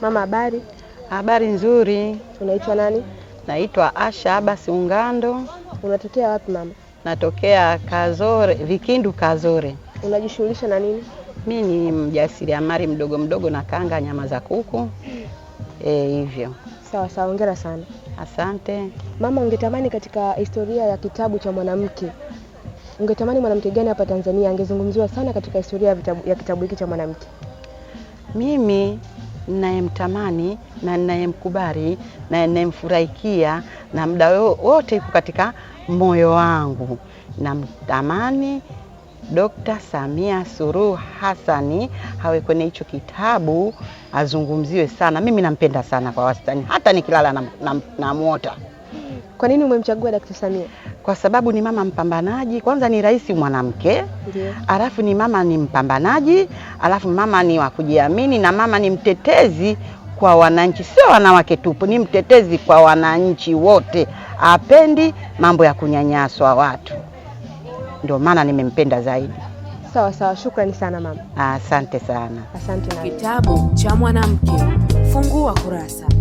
Mama, habari? Habari nzuri. Unaitwa nani? Naitwa Asha Abasi Ungando. Unatokea wapi mama? Natokea Kazore, Vikindu Kazore. Unajishughulisha na nini? Mi ni mjasiriamali mdogo mdogo, na kanga nyama za kuku e, hivyo. sawa sawa, hongera sana. Asante mama. Ungetamani katika historia ya kitabu cha mwanamke, ungetamani mwanamke gani hapa Tanzania angezungumziwa sana katika historia ya kitabu hiki cha mwanamke? Mimi ninayemtamani na ninayemkubali na ninayemfurahikia na muda wote yuko katika moyo wangu. Namtamani Dokta Samia Suluhu hasani hawe kwenye hicho kitabu, azungumziwe sana. Mimi nampenda sana kwa wastani, hata nikilala namwota. Kwa nini umemchagua Dokta Samia? kwa sababu ni mama mpambanaji. Kwanza ni rais mwanamke, alafu ni mama ni mpambanaji, alafu mama ni wa kujiamini, na mama ni mtetezi kwa wananchi, sio wanawake tupo, ni mtetezi kwa wananchi wote, apendi mambo ya kunyanyaswa watu, ndio maana nimempenda zaidi. Sawa sawa, shukrani sana mama. Asante sana. Asante. Kitabu cha mwanamke fungua kurasa.